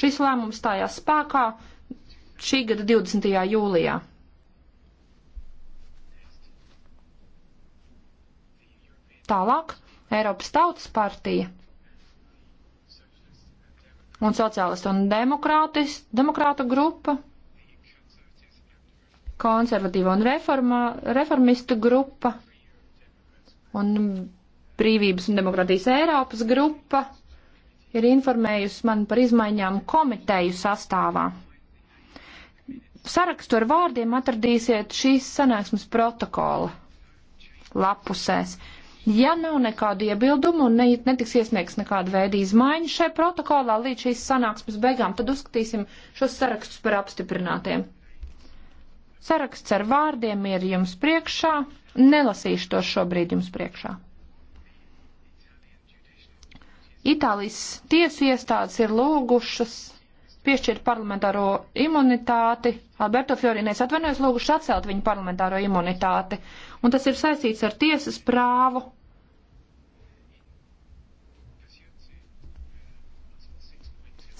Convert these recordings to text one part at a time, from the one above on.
Šis lēmums stājās spēkā šī gada 20. jūlijā. Tālāk Eiropas Tautas partija un sociālistu un demokrātu grupa, konservatīva un reforma, reformistu grupa un brīvības un demokrātijas Eiropas grupa ir informējusi man par izmaiņām komiteju sastāvā. Sarakstu ar vārdiem atradīsiet šīs sanāksmes protokola lapusēs. Ja nav nekādu iebildumu un ne, netiks iesniegts nekāda veida izmaiņa šai protokolā līdz šīs sanāksmes beigām, tad uzskatīsim šos sarakstus par apstiprinātiem. Saraksts ar vārdiem ir jums priekšā, nelasīšu tos šobrīd jums priekšā. Itālijas tiesu iestādes ir lūgušas piešķirt parlamentāro imunitāti. Alberto Fiorinēs atvainojas lūguši atcelt viņu parlamentāro imunitāti. Un tas ir saistīts ar tiesas prāvu.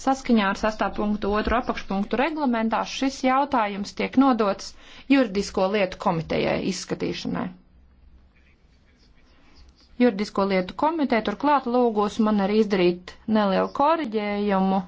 Saskaņā ar 6.2. apakšpunktu reglamentā šis jautājums tiek nodots juridisko lietu komitejai izskatīšanai juridisko lietu komiteju. Turklāt lūgos man arī izdarīt nelielu koriģējumu